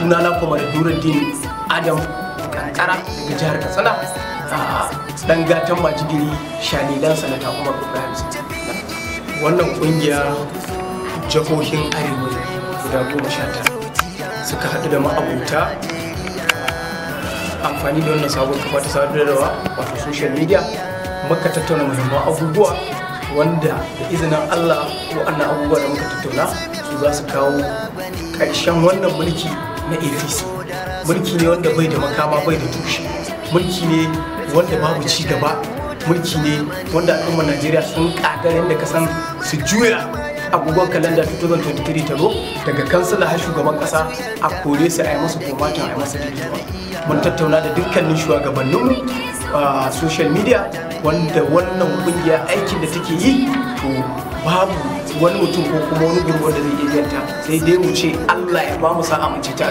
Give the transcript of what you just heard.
sunana kuma da nuruddin adam kankara daga jihar katsina ah, dan gatan majigiri shalilan sanata kuma ibrahim wannan kungiya jihohin arewa guda goma sha tara suka haɗu da ma'abuta ah, amfani da wannan sabon kafa ta sadarwa wato social media muka tattauna muhimman abubuwa wanda da izinin allah wa'annan abubuwa da muka tattauna su za su kawo ƙarshen wannan mulki na Idris mulki ne wanda bai da makama bai da tushe mulki ne wanda babu ci gaba mulki ne wanda al'ummar Najeriya sun kagarin da kasan su juya agogon kalanda 2023 ta zo daga kansila har shugaban kasa a kore su a yi masu komata a yi masa daidaita mun tattauna da dukkanin mu a social media wanda wannan kungiya aikin da take yi to babu wani mutum ko kuma wani gurbar da zai iya sai dai mu ce allah ya ba mu sa'a mu ci